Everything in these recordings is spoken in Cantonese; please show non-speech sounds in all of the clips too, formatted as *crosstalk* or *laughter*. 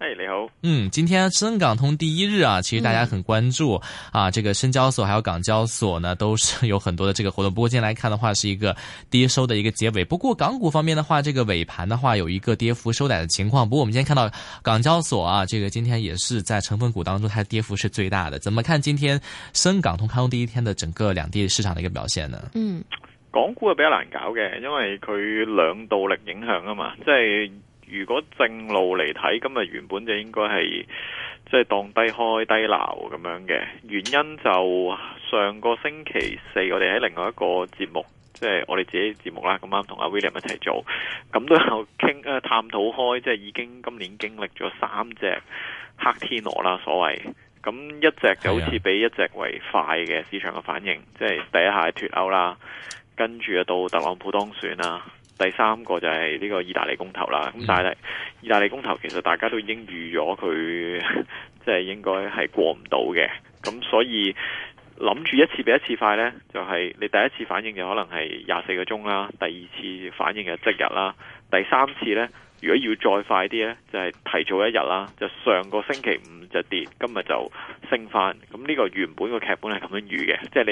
哎、hey，你好。嗯，今天深港通第一日啊，其實大家很關注啊，嗯、啊，這個深交所還有港交所呢，都是有很多的這個活動。不過今天來看的話，是一個跌收的一個結尾。不過港股方面的話，這個尾盤的話有一個跌幅收窄的情況。不過我們今天看到港交所啊，這個今天也是在成分股當中，它跌幅是最大的。怎麼看今天深港通開通第一天的整個兩地市場的一個表現呢？嗯，港股比較難搞嘅，因為佢兩道力影響啊嘛，即係。如果正路嚟睇，今日原本就應該係即係當低開低流咁樣嘅。原因就上個星期四，我哋喺另外一個節目，即係我哋自己節目啦，咁啱同阿 William 一齊做，咁都有傾啊，探討開，即係已經今年經歷咗三隻黑天鵝啦，所謂。咁一隻就好似比一隻為快嘅市場嘅反應，即係第一下脫歐啦，跟住啊到特朗普當選啦。第三個就係呢個意大利公投啦，咁但係意大利公投其實大家都已經預咗佢，即 *laughs* 係應該係過唔到嘅，咁所以諗住一次比一次快呢，就係你第一次反應就可能係廿四個鐘啦，第二次反應嘅即日啦，第三次呢。如果要再快啲呢，就係、是、提早一日啦。就上個星期五就跌，今日就升翻。咁呢個原本個劇本係咁樣預嘅，即係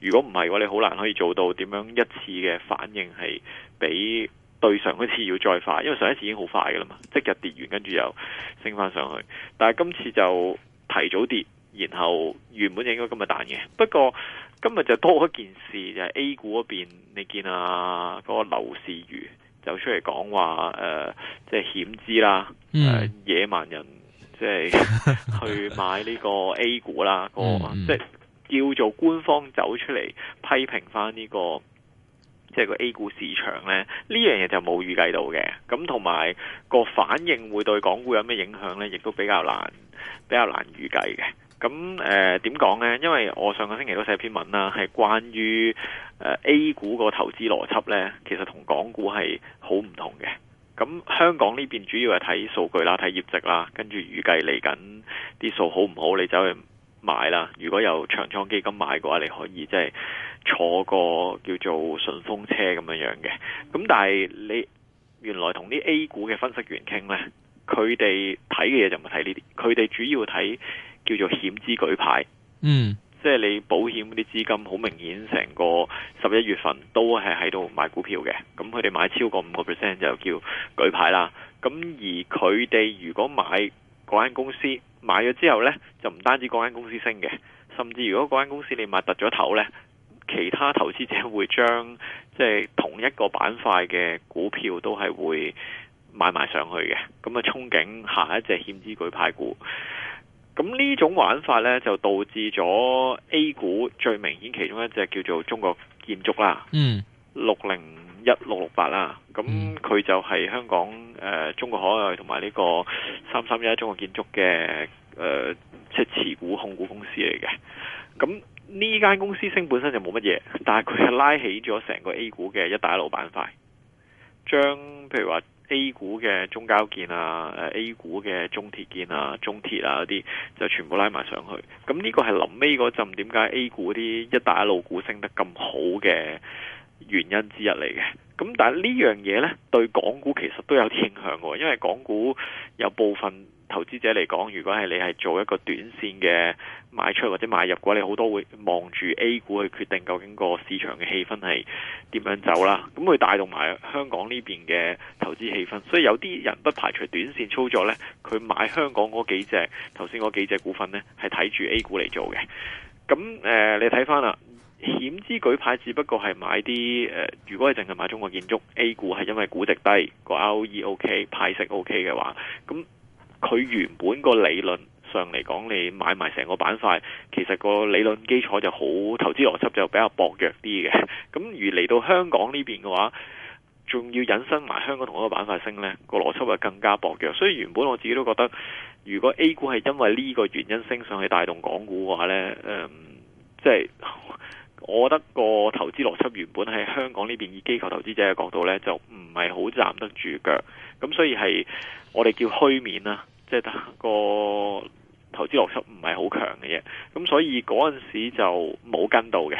你如果唔係嘅話，你好難可以做到點樣一次嘅反應係比對上一次要再快，因為上一次已經好快㗎啦嘛，即日跌完跟住又升翻上去。但係今次就提早跌，然後原本應該今日彈嘅，不過今日就多一件事就係、是、A 股嗰邊，你見啊嗰、那個樓市預。走出嚟講話誒，即、呃、係、就是、險資啦、嗯呃，野蠻人即係、就是、去買呢個 A 股啦，即、那、係、個嗯就是、叫做官方走出嚟批評返、這、呢個即係、就是、個 A 股市場呢。呢樣嘢就冇預計到嘅。咁同埋個反應會對港股有咩影響呢？亦都比較難比較難預計嘅。咁誒，點、呃、講呢？因為我上個星期都寫篇文啦，係關於誒、呃、A 股個投資邏輯呢。其實同港股係好唔同嘅。咁香港呢邊主要係睇數據啦，睇業績啦，跟住預計嚟緊啲數好唔好，你走去買啦。如果有長倉基金買嘅話，你可以即係坐個叫做順風車咁樣樣嘅。咁但係你原來同啲 A 股嘅分析員傾呢，佢哋睇嘅嘢就唔係睇呢啲，佢哋主要睇。叫做險資舉牌，嗯，即係你保險嗰啲資金好明顯，成個十一月份都係喺度買股票嘅。咁佢哋買超過五個 percent 就叫舉牌啦。咁而佢哋如果買嗰間公司買咗之後呢，就唔單止嗰間公司升嘅，甚至如果嗰間公司你買突咗頭呢，其他投資者會將即係、就是、同一個板塊嘅股票都係會買埋上去嘅。咁啊，憧憬下一隻險資舉牌股。咁呢種玩法呢，就導致咗 A 股最明顯其中一隻叫做中國建築啦。嗯、mm.，六零一六六八啦。咁佢就係香港、呃、中國海外同埋呢個三三一中國建築嘅誒即持股控股公司嚟嘅。咁呢間公司升本身就冇乜嘢，但係佢係拉起咗成個 A 股嘅一帶一路板塊，將譬如話。A 股嘅中交建啊，誒 A 股嘅中鐵建啊、中鐵啊嗰啲，就全部拉埋上去。咁呢個係臨尾嗰陣，點解 A 股啲一帶一路股升得咁好嘅原因之一嚟嘅？咁但係呢樣嘢咧，對港股其實都有啲影響，因為港股有部分。投資者嚟講，如果係你係做一個短線嘅賣出或者買入，嗰你好多會望住 A 股去決定究竟個市場嘅氣氛係點樣走啦。咁會帶動埋香港呢邊嘅投資氣氛。所以有啲人不排除短線操作呢，佢買香港嗰幾隻頭先嗰幾隻股份呢，係睇住 A 股嚟做嘅。咁誒、呃，你睇翻啦，險資舉牌只不過係買啲誒、呃，如果你淨係買中國建築 A 股，係因為估值低個 ROE OK、派息 OK 嘅話，咁。佢原本個理論上嚟講，你買埋成個板塊，其實個理論基礎就好，投資邏輯就比較薄弱啲嘅。咁而嚟到香港呢邊嘅話，仲要引申埋香港同一個板塊升呢個邏輯就更加薄弱。所以原本我自己都覺得，如果 A 股係因為呢個原因升上去帶動港股嘅話呢，即、嗯、係、就是、我覺得個投資邏輯原本喺香港呢邊以機構投資者嘅角度呢，就唔係好站得住腳。咁所以係我哋叫虛面啦、啊。即係個投資邏輯唔係好強嘅嘢，咁所以嗰陣時就冇跟到嘅。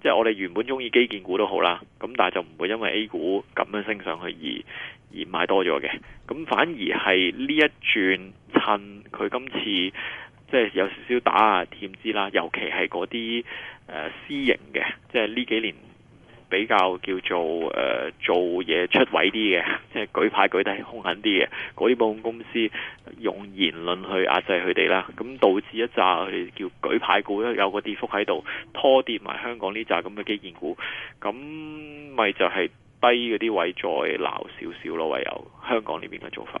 即係我哋原本中意基建股都好啦，咁但係就唔會因為 A 股咁樣升上去而而買多咗嘅。咁反而係呢一轉，趁佢今次即係有少少打壓墊資啦，尤其係嗰啲誒私營嘅，即係呢幾年。比較叫做誒、呃、做嘢出位啲嘅，即係舉牌舉得兇狠啲嘅，嗰啲保險公司用言論去壓制佢哋啦，咁導致一扎佢哋叫舉牌股有個跌幅喺度，拖跌埋香港呢扎咁嘅基建股，咁咪就係低嗰啲位再鬧少少咯，唯有香港呢邊嘅做法。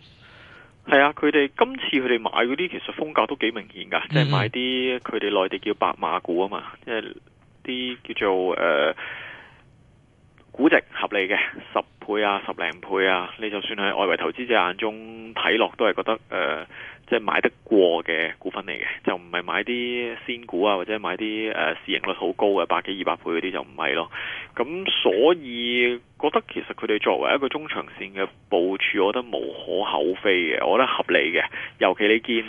係啊，佢哋今次佢哋買嗰啲其實風格都幾明顯噶，即係買啲佢哋內地叫白馬股啊嘛，即係啲叫做誒估值合理嘅十倍啊十零倍啊，你就算係外圍投資者眼中睇落都係覺得誒，即係買得過嘅股份嚟嘅，就唔係買啲仙股啊或者買啲誒市盈率好高嘅百幾二百倍嗰啲就唔係咯。咁所以覺得其實佢哋作為一個中長線嘅部署，我覺得無可厚非嘅，我覺得合理嘅。尤其你見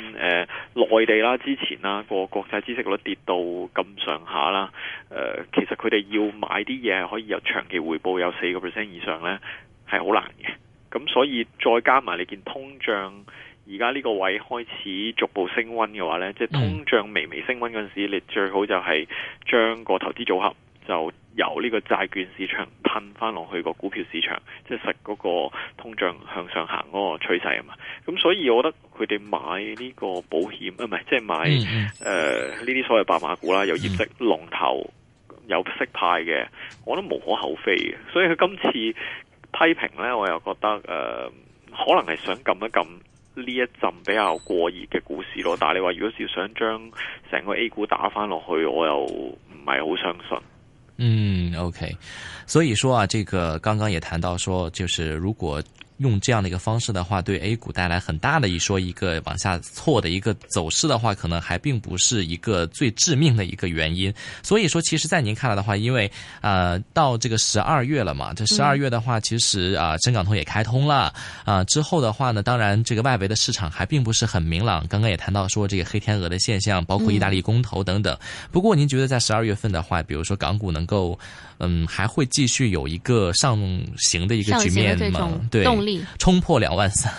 誒內地啦，之前啦個國際孳息率跌到咁上下啦，呃、其實佢哋要買啲嘢可以有長期回報有四個 percent 以上咧，係好難嘅。咁所以再加埋你見通脹而家呢個位開始逐步升溫嘅話咧，即係通脹微微升溫嗰陣時，你最好就係將個投資組合。就由呢個債券市場噴翻落去個股票市場，即係實嗰個通脹向上行嗰個趨勢啊嘛。咁所以我覺得佢哋買呢個保險啊，唔係，即係買誒呢啲所謂白馬股啦，有業績龍頭、有息派嘅，我都無可厚非嘅。所以佢今次批評咧，我又覺得誒、呃、可能係想撳一撳呢一陣比較過熱嘅股市咯。但係你話如果要想將成個 A 股打翻落去，我又唔係好相信。嗯，OK，所以說啊，這個剛剛也談到說，就是如果，用這樣的一個方式的話，對 A 股帶來很大的一說一個往下挫的一個走勢的話，可能還並不是一個最致命的一個原因。所以說，其實，在您看來的話，因為呃，到這個十二月了嘛，這十二月的話，其實啊，深港通、呃、也開通了啊、呃，之後的話呢，當然這個外圍的市場還並不是很明朗。剛剛也談到說，這個黑天鵝的現象，包括意大利公投等等。嗯、不過，您覺得在十二月份的話，比如說港股能夠，嗯，還會繼續有一個上行的一個局面嗎？對。衝破兩萬三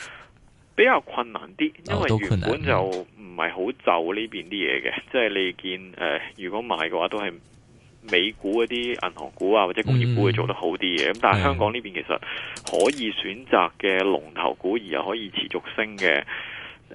*laughs* ，比較困難啲，因為原本就唔係好就呢邊啲嘢嘅，即係你見誒、呃，如果買嘅話都係美股嗰啲銀行股啊，或者工業股會做得好啲嘅，咁但係香港呢邊其實可以選擇嘅龍頭股而又可以持續升嘅，誒、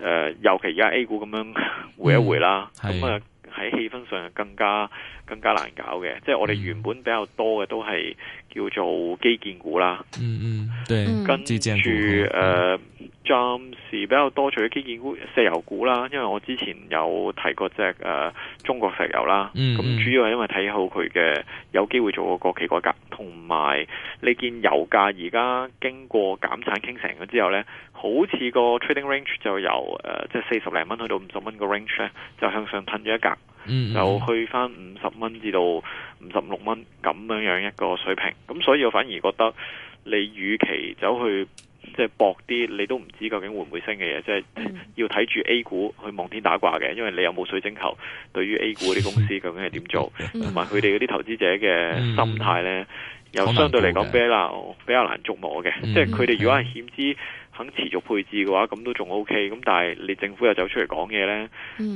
呃，尤其而家 A 股咁樣回一回啦，咁啊喺氣氛上更加更加難搞嘅、嗯，即係我哋原本比較多嘅都係。叫做基建股啦，嗯，嗯嗯，對，跟住誒、呃，暫時比較多除咗基建股、石油股啦，因為我之前有提過隻誒、呃、中國石油啦，咁、嗯、主要係因為睇好佢嘅有機會做個國企改革，同埋你見油價而家經過減產傾成咗之後咧，好似個 trading range 就由誒、呃、即係四十零蚊去到五十蚊個 range 咧，就向上褪咗一格。嗯嗯、就去翻五十蚊至到五十六蚊咁樣樣一個水平，咁所以我反而覺得你與其走去即係搏啲，你都唔知究竟會唔會升嘅嘢，即、就、係、是、要睇住 A 股去望天打卦嘅，因為你有冇水晶球。對於 A 股啲公司究竟係點做，同埋佢哋嗰啲投資者嘅心態呢、嗯，又相對嚟講比較比較難捉摸嘅，即係佢哋如果係險資。肯持續配置嘅話，咁都仲 OK。咁但係你政府又走出嚟講嘢呢，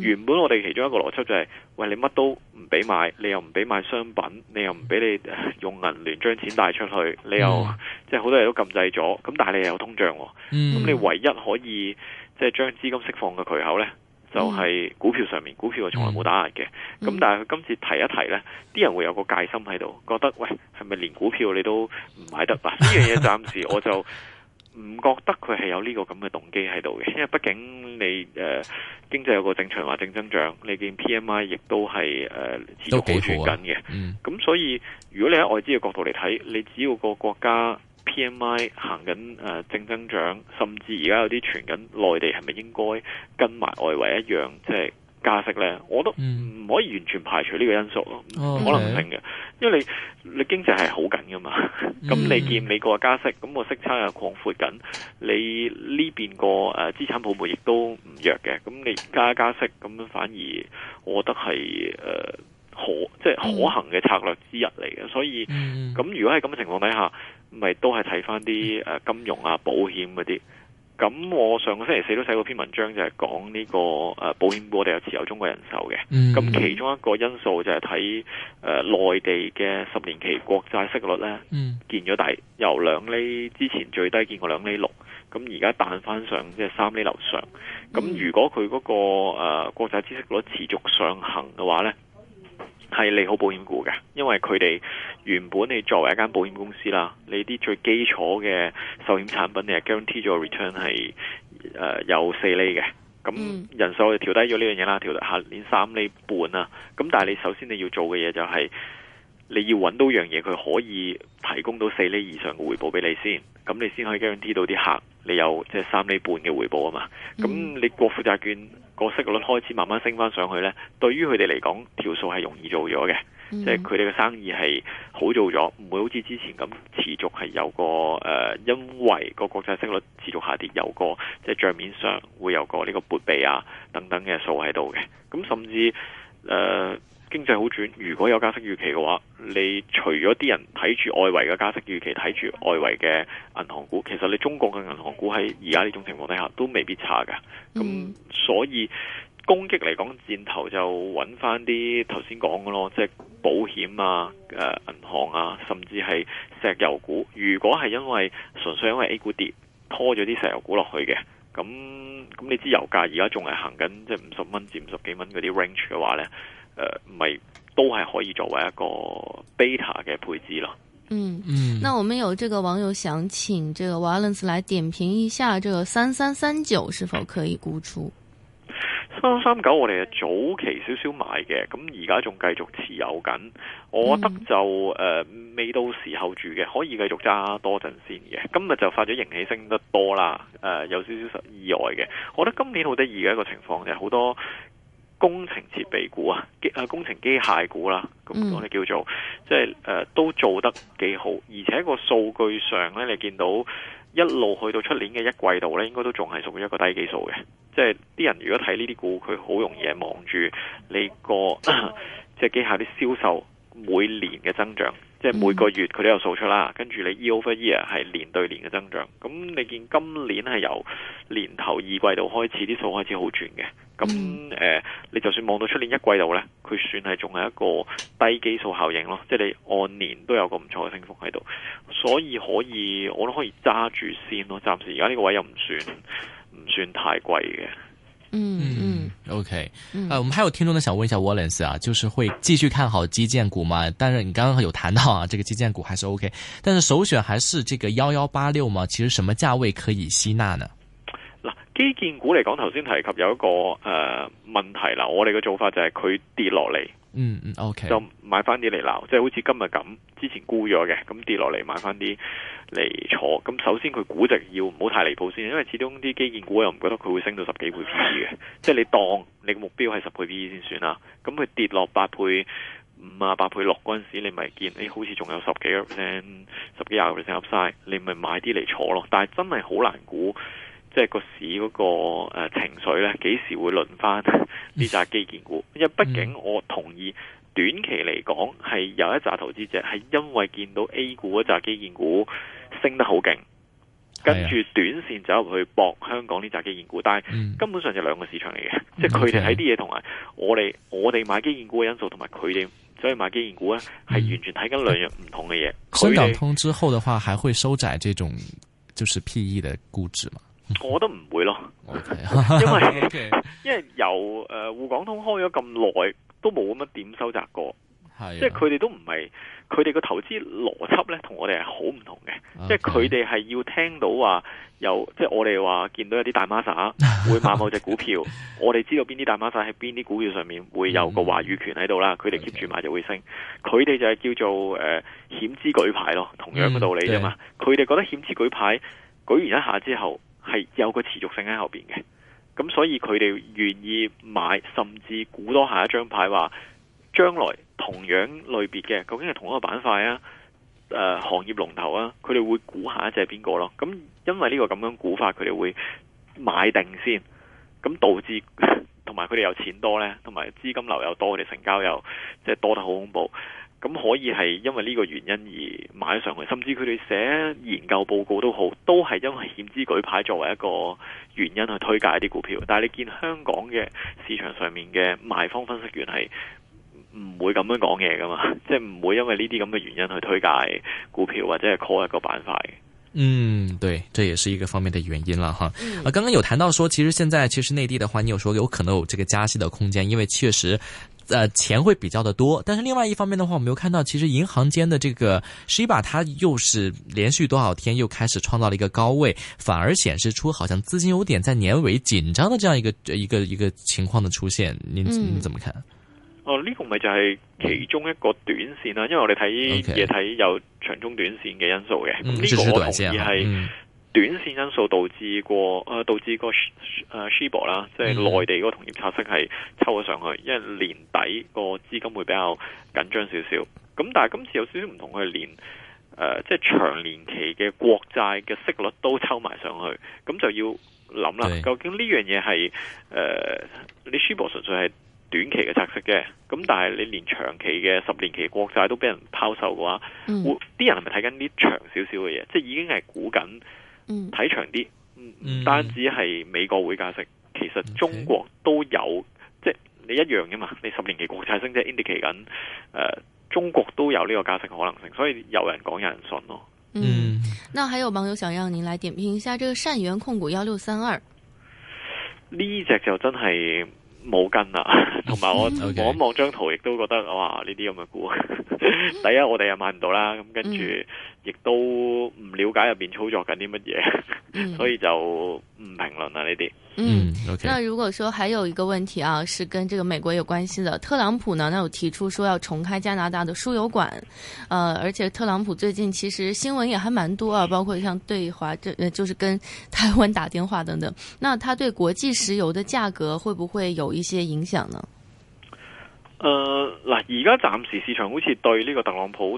原本我哋其中一個邏輯就係、是，喂，你乜都唔俾買，你又唔俾買商品，你又唔俾你用銀聯將錢帶出去，你又即係好多嘢都禁制咗。咁但係你又有通脹，咁、嗯、你唯一可以即係、就是、將資金釋放嘅渠口呢，就係、是、股票上面。股票係從來冇打壓嘅。咁、嗯嗯、但係佢今次提一提呢，啲人會有個戒心喺度，覺得喂，係咪連股票你都唔買得？嗱，呢樣嘢暫時我就，唔覺得佢係有呢個咁嘅動機喺度嘅，因為畢竟你誒、呃、經濟有個正常話正增長，你見 P M I 亦都係誒、呃、持續都保存緊嘅。咁、嗯、所以如果你喺外資嘅角度嚟睇，你只要個國家 P M I 行緊正，正增長，甚至而家有啲傳緊內地，係咪應該跟埋外圍一樣即係、就是、加息呢，我都唔可以完全排除呢個因素咯、嗯，可能性嘅。Oh, okay. 因為你你經濟係好緊噶嘛，咁、嗯、你見美國的加息，咁個息差又擴闊緊，你呢邊個誒、呃、資產泡沫亦都唔弱嘅，咁你加加息，咁反而我覺得係誒、呃、可即係可行嘅策略之一嚟嘅，所以咁、嗯、如果喺咁嘅情況底下，咪都係睇翻啲誒金融啊、保險嗰啲。咁我上個星期四都寫過篇文章，就係講呢個誒保險股我哋有持有中國人壽嘅。咁、嗯、其中一個因素就係睇內地嘅十年期國債息率呢、嗯、見咗底，由兩厘之前最低見過兩厘六，咁而家彈翻上即係，就是，三厘樓上。咁如果佢嗰個國債孳息率持續上行嘅話呢，係利好保險股嘅，因為佢哋原本你作為一間保險公司啦，你啲最基礎嘅壽險產品，你係 guarantee 咗 return 係誒、呃、有四厘嘅，咁人數我哋調低咗呢樣嘢啦，調到下年三厘半啦，咁但係你首先你要做嘅嘢就係、是。你要揾到樣嘢，佢可以提供到四厘以上嘅回報俾你先，咁你先可以跟住到啲客，你有即係三厘半嘅回報啊嘛。咁、嗯、你國庫債券、個息率開始慢慢升翻上去呢，對於佢哋嚟講條數係容易做咗嘅，即係佢哋嘅生意係好做咗，唔會好似之前咁持續係有個誒、呃，因為個國際息率持續下跌，有個即係帳面上會有個呢個撥備啊等等嘅數喺度嘅。咁甚至誒。呃經濟好轉，如果有加息預期嘅話，你除咗啲人睇住外圍嘅加息預期，睇住外圍嘅銀行股，其實你中國嘅銀行股喺而家呢種情況底下都未必差㗎。咁、嗯、所以攻擊嚟講，箭頭就揾翻啲頭先講嘅咯，即係保險啊、誒、呃、銀行啊，甚至係石油股。如果係因為純粹因為 A 股跌拖咗啲石油股落去嘅，咁咁你知油價而家仲係行緊即係五十蚊至五十幾蚊嗰啲 range 嘅話呢。誒、呃，唔係都係可以作為一個 beta 嘅配置咯。嗯嗯，那我們有這個網友想請這個 Valence 來點評一下，這個三三三九是否可以沽出？三三三九，我哋係早期少少買嘅，咁而家仲繼續持有緊。我覺得就誒、呃、未到時候住嘅，可以繼續揸多陣先嘅。今日就發咗盈喜升得多啦，誒、呃、有少少意外嘅。我覺得今年好得意嘅一個情況就係好多。工程設備股啊，機啊工程機械股啦，咁我哋叫做即係誒，都做得幾好，而且個數據上咧，你見到一路去到出年嘅一季度咧，應該都仲係屬於一個低基數嘅，即係啲人如果睇呢啲股，佢好容易係望住你個即係機械啲銷售每年嘅增長。即係每個月佢都有數出啦，跟住你 year over year 係年對年嘅增長，咁你見今年係由年頭二季度開始啲數開始好轉嘅，咁誒、呃、你就算望到出年一季度呢，佢算係仲係一個低基數效應咯，即係你按年都有個唔錯嘅升幅喺度，所以可以我都可以揸住先咯，暫時而家呢個位又唔算唔算太貴嘅。嗯嗯 OK，誒，我們還有聽眾呢，想問一下 Wallace 啊，就是會繼續看好基建股嗎？但是你剛剛有談到啊，這個基建股還是 OK，但是首選還是這個1186嗎？其實什麼價位可以吸納呢？嗱，基建股嚟講，頭先提及有一個誒、呃、問題啦，我哋嘅做法就係佢跌落嚟。嗯、mm、嗯 -hmm.，OK，就買翻啲嚟攬，即係好似今日咁，之前沽咗嘅，咁跌落嚟買翻啲嚟坐。咁首先佢估值要唔好太離譜先，因為始終啲基建股又唔覺得佢會升到十幾倍 P E 嘅。 *laughs* 即係你當你個目標係十倍 P E 先算啦。咁佢跌落八倍、五啊八倍六嗰陣時，你咪見誒、哎、好似仲有十幾個 percent、十幾廿個 percent upside，你咪買啲嚟坐咯。但係真係好難估。即係個市嗰個情緒咧，幾時會輪翻呢紮基建股？因為畢竟我同意、嗯、短期嚟講係有一紮投資者係因為見到 A 股嗰紮基建股升得好勁，跟住短線走入去搏香港呢紮基建股。但係根本上就兩個市場嚟嘅、嗯，即係佢哋睇啲嘢同埋我哋，我哋買基建股嘅因素同埋佢哋所以買基建股咧係、嗯、完全睇緊兩樣唔同嘅嘢。深港通之後嘅話，還會收窄這種就是 PE 嘅估值嘛。我都唔會咯，okay. *laughs* 因為、okay. 因為由誒滬港通開咗咁耐，都冇乜點收集過，即係佢哋都唔係，佢哋個投資邏輯呢同我哋係好唔同嘅，即係佢哋係要聽到話有，即、就、係、是、我哋話見到有啲大孖沙會買某隻股票， *laughs* 我哋知道邊啲大孖沙喺邊啲股票上面會有個話語權喺度啦，佢哋 keep 住買就會升，佢、okay. 哋就係叫做誒險資舉牌咯，同樣嘅道理啫嘛，佢、mm. 哋、yeah. 覺得險資舉牌舉完一下之後。係有個持續性喺後邊嘅，咁所以佢哋願意買，甚至估多下一張牌，話將來同樣類別嘅，究竟係同一個板塊啊、呃，行業龍頭啊，佢哋會估下一隻係邊個咯？咁因為呢個咁樣估法，佢哋會買定先，咁導致同埋佢哋有錢多呢，同埋資金流又多，佢哋成交又即係多得好恐怖。咁可以係因為呢個原因而買上去，甚至佢哋寫研究報告都好，都係因為險資舉牌作為一個原因去推介啲股票。但係你見香港嘅市場上面嘅賣方分析員係唔會咁樣講嘢噶嘛？即係唔會因為呢啲咁嘅原因去推介股票或者係 call 一個板塊。嗯，對，這也是一個方面的原因啦，哈。啊，剛剛有談到說，其實現在其實內地的話，你有說有可能有這個加息的空間，因為確實。呃，錢會比較的多，但是另外一方面的話，我們又看到，其實銀行間的這個 Shibor，它又是連續多少天又開始創造了一個高位，反而顯示出好像資金有點在年尾緊張的這樣一個一個一個情況的出現。您、嗯、你怎麼看？哦，呢、這個咪就係其中一個短線啦、啊嗯，因為我哋睇嘢睇有長中短線嘅因素嘅，咁、嗯、呢、這個我同意係。嗯短線因素導致過，誒導致個誒 Shibor 啦，即係內地嗰個同業拆息係抽咗上去，因為年底個資金會比較緊張少少。咁但係今次有少少唔同，佢連誒即係長年期嘅國債嘅息率都抽埋上去，咁就要諗啦。究竟呢樣嘢係誒你 Shibor 純粹係短期嘅拆息嘅，咁但係你連長期嘅十年期國債都俾人拋售嘅話，嗯、會啲人係咪睇緊啲長少少嘅嘢？即係已經係估緊。睇長啲，唔、嗯、單單止係美國會加息，嗯，其實中國都有，okay. 即係你一樣嘅嘛。你十年期國債升，即係 indicate 緊，誒，中國都有呢個加息可能性，所以有人講，有人信咯，哦嗯。嗯，那還有網友想讓您來點評一下這個善元控股幺六三二，呢隻就真係冇跟啦，同 *laughs* 埋 *laughs* 我望一望張圖，亦都覺得哇，呢啲咁嘅股，嗯、 *laughs* 第一我哋又買唔到啦，咁跟住。嗯亦都唔了解入邊操作緊啲乜嘢，嗯、 *laughs* 所以就唔評論啦呢啲。嗯，那如果說還有一個問題啊，是跟這個美國有關係的，特朗普呢，那有提出說要重開加拿大的輸油管，呃，而且特朗普最近其實新聞也還蠻多啊，包括像對華，就就是跟台灣打電話等等。那他對國際石油的價格會不會有一些影響呢？呃嗱，而家暫時市場好似對呢個特朗普。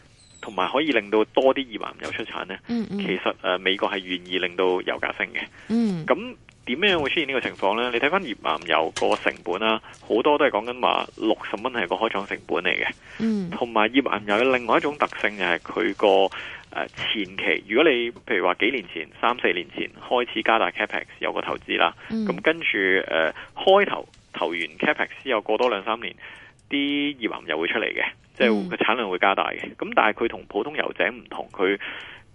同埋可以令到多啲頁岩油出產呢。嗯嗯、其實、呃、美國係願意令到油價升嘅。咁、嗯、點樣會出現呢個情況呢？你睇翻頁岩油個成本啦，好多都係講緊話六十蚊係個開廠成本嚟嘅。嗯，同埋頁岩油嘅另外一種特性就係佢個前期，如果你譬如話幾年前、三四年前開始加大 capex 有個投資啦，咁跟住誒開頭投完 capex 又過多兩三年。啲頁岩油會出嚟嘅，即係個產量會加大嘅。咁、嗯、但係佢同普通油井唔同，佢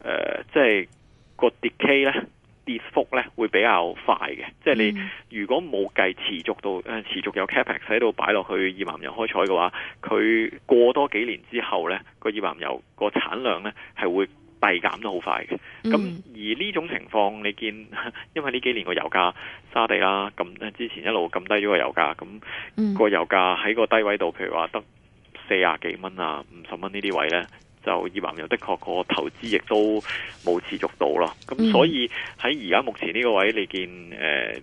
誒即係個 decay 咧，跌幅咧會比較快嘅。即、就、係、是、你如果冇計持續到誒、呃、持續有 capex 喺度擺落去頁岩油開採嘅話，佢過多幾年之後咧，個頁岩油個產量咧係會遞減得好快嘅，咁而呢種情況你見，因為呢幾年個油價沙地啦，咁之前一路咁低咗個油價，咁個油價喺個低位度，譬如話得四十幾蚊啊、五十蚊呢啲位呢，就頁岩油的確個投資亦都冇持續到咯，咁所以喺而家目前呢個位你見誒。呃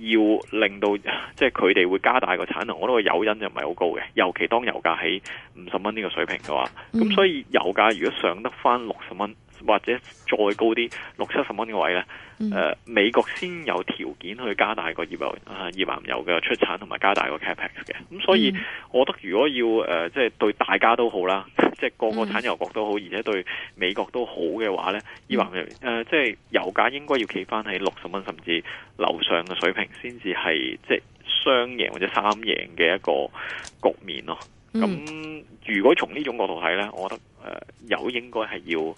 要令到即係佢哋會加大個產能，我覺得個誘因就唔係好高嘅，尤其當油價喺五十蚊呢個水平嘅話，咁所以油價如果上得翻六十蚊。或者再高啲六七十蚊嘅位咧，誒、嗯呃、美國先有條件去加大個頁油啊頁岩油嘅出產同埋加大個 capex 嘅，咁所以我覺得如果要即係、呃就是、對大家都好啦，即係個個產油國都好、嗯，而且對美國都好嘅話咧，頁岩油即係、呃就是、油價應該要企翻喺六十蚊甚至樓上嘅水平先至係即係雙贏或者三贏嘅一個局面咯。咁如果從呢種角度睇咧，我覺得誒、呃、油應該係要。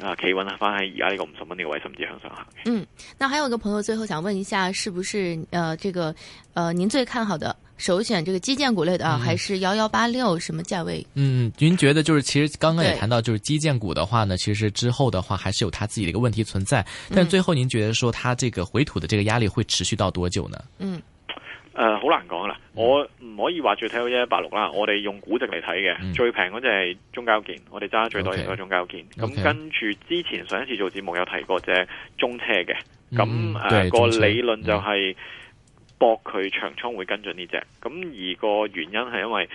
啊企穩翻喺而家呢個五十蚊呢個位甚至向上行。嗯、啊，那還有一個朋友最後想問一下，是不是，呃，這個，呃，您最看好的首選這個基建股類的啊，還是幺幺八六什麼價位？嗯，您覺得就是，其實剛剛也談到，就是基建股的話呢，其實之後的話還是有它自己的一個問題存在。但最後您覺得說，它這個回吐的這個壓力會持續到多久呢？嗯。誒、呃，好難講啦，我唔可以話最睇到一一八六啦。我哋用估值嚟睇嘅最平嗰隻係中交建，我哋揸最多都係中交建。咁、okay, 嗯、跟住之前上一次做節目有提過隻中車嘅。咁誒個理論就係博佢長倉會跟進呢隻。咁、嗯、而個原因係因為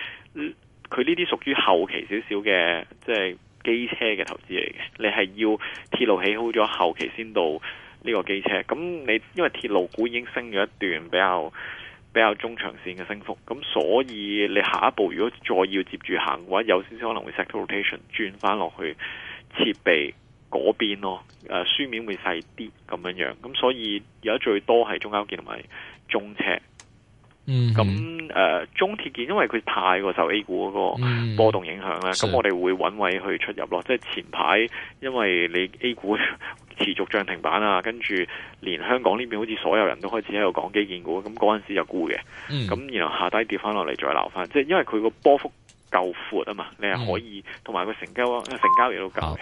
佢呢啲屬於後期少少嘅，即、就、係、是、機車嘅投資嚟嘅。你係要鐵路起好咗後期先到呢個機車。咁、嗯、你因為鐵路股已經升咗一段比較。比較中長線嘅升幅，咁所以你下一步如果再要接住行嘅話，有少少可能會 sector rotation 轉翻落去設備邊咯，誒書面會細啲咁樣樣，咁所以而家最多係中交建同埋中車。咁、mm、誒 -hmm. 呃，中鐵建因為佢太過受 A 股嗰個波動影響啦咁、mm -hmm. 我哋會揾位去出入咯。即係前排，因為你 A 股持續漲停板啊，跟住連香港呢邊好似所有人都開始喺度講基建股，咁嗰陣時就估嘅。咁、mm -hmm. 然後下低跌翻落嚟再鬧翻，即係因為佢個波幅夠闊啊嘛，你係可以，同埋個成交因為成交亦都夠嘅。